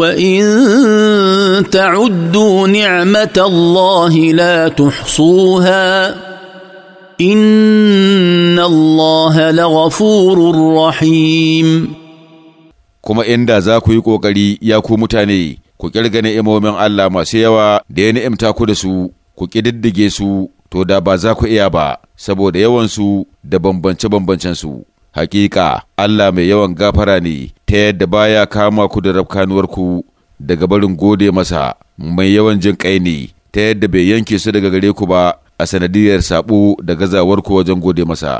وان تعدوا نعمه الله لا تحصوها ان الله لغفور رحيم kuma inda za ku yi ƙoƙari ya ku mutane ku ƙirga ni'imomin Allah masu yawa da ya ni'imta ku da su ku ƙididdige su to da ba za ku iya ba saboda yawansu da bambance-bambancensu hakika Allah mai yawan gafara ne ta yadda baya kama ku da rafkanuwarku daga barin gode masa mai yawan jin kai ne ta yadda bai yanke su daga gare ku ba a sanadiyar sabo da gazawarku wajen gode masa